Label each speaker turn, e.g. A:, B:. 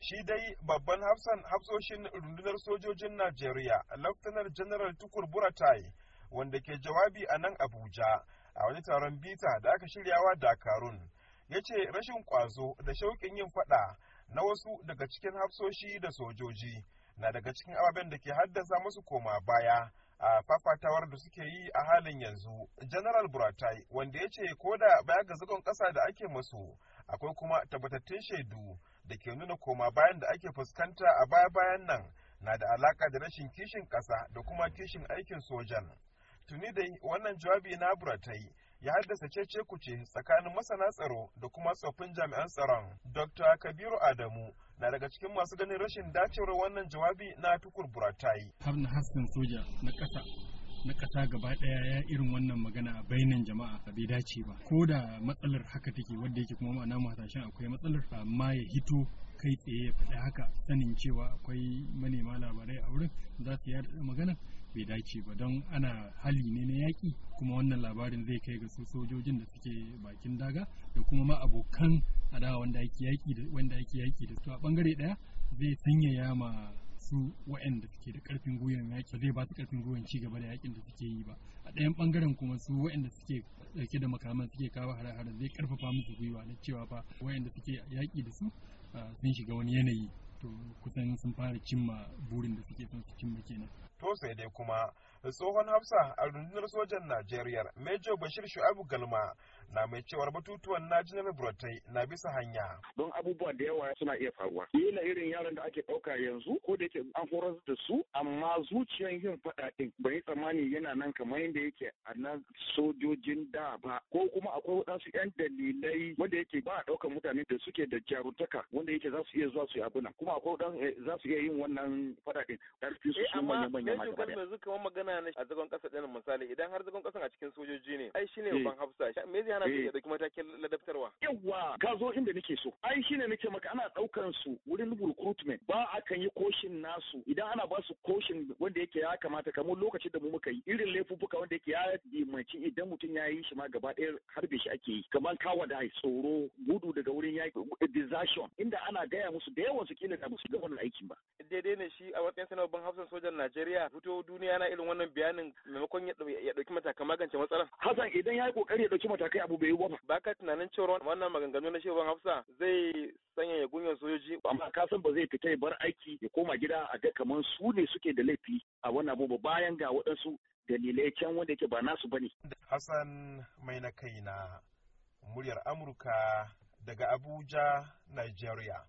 A: shi dai babban hafsan hafsoshin rundunar sojojin najeriya laftanar general tukur buratai wanda ke jawabi a nan abuja a wani taron bita da aka shiryawa dakarun ya ce rashin kwazo da shauƙin yin fada na wasu daga cikin hafsoshi da sojoji na daga cikin ababen da ke haddasa musu koma baya a fafatawar da suke yi a halin yanzu general buratai wanda ya ce ko da baya ga zagon ƙasa da ake masu akwai kuma tabbatattun shaidu da ke nuna koma bayan da ake fuskanta a baya bayan nan na da alaka da rashin kishin ƙasa da kuma kishin aikin sojan tuni da wannan jawabi na buratai ya haddasa cece kuce tsakanin masana tsaro da kuma tsoffin jami'an tsaron dr kabiru adamu na daga cikin masu ganin rashin dacewar wannan jawabi na tukur buratai
B: har na hasken soja na ƙasa na ƙasa gaba ɗaya ya irin wannan magana a bainan jama'a A bai dace ba ko da matsalar haka take wadda yake kuma ma'ana hasashen akwai matsalar amma ya hito kai tsaye ya faɗi haka sanin cewa akwai manema labarai a wurin za su yaɗa magana bai dace ba don ana hali ne na yaƙi kuma wannan labarin zai kai ga su sojojin da suke bakin daga da kuma ma abokan adawa wanda ake yaƙi da su a ɓangare ɗaya zai sanyaya ma su waɗanda suke da karfin gwiwar yaƙi zai ba su karfin gwiwar ci gaba da yaƙin da suke yi ba a ɗayan ɓangaren kuma su waɗanda suke ɗauke da makaman suke kawo hare-hare zai karfafa musu gwiwa na cewa fa waɗanda suke yaƙi da su ah, sun shiga wani yanayi to kusan sun fara cimma burin da suke son su cimma kenan to sai dai kuma
A: tsohon hafsa a rundunar sojan najeriya major bashir shu'abu galma na mai cewar batutuwan na janar na bisa hanya
C: don abubuwa da yawa suna iya faruwa kila irin yaran da ake ɗauka yanzu ko da yake an horar da su amma zuciyan yin faɗa ɗin bai yi tsammani yana nan kamar yadda yake a nan sojojin da ba ko kuma akwai waɗansu 'yan dalilai wanda yake ba a ɗaukar mutane da suke da jaruntaka wanda yake za su iya zuwa su yi abu kuma akwai waɗansu eh, za su iya yin wannan faɗa ɗin ƙarfi su eh, manya-manya wannan ma gaba yanzu
D: magana na a zagon kasa ɗin misali idan har zagon kasan a cikin sojoji ne ai shine eh. ban hafsa me zai hana eh. ya dauki matakin ladabtarwa
C: yawa ka zo inda nake so ai shine nake maka ana daukan su wurin recruitment ba kan yi koshin nasu idan ana ba su koshin wanda yake ya kamata kamar lokacin da mu muka yi irin laifuffuka wanda yake ya dimanci idan mutum ya yi shi ma gaba ɗaya harbe shi ake yi kamar kawa tsoro gudu daga wurin yaki desertion inda ana gaya musu da yawan su kila da musu ga wannan aikin ba
D: daidai ne shi a matsayin sanarwar ban hafsan ɗauki matakan magance matsalar? Hassan idan ya
C: yi ƙoƙari ya ɗauki matakai abu bai yi
D: ba. Ba ka tunanin cewa wannan maganganu na Shehu Hafsa zai sanya ya gunyar sojoji. Amma ka san ba zai fita ya bar aiki ya koma gida a ga kamar su ne suke da laifi a wannan abu bayan
C: ga waɗansu dalilai can wanda yake ba nasu ne
A: Hassan mai na kaina muryar Amurka daga Abuja, Nigeria.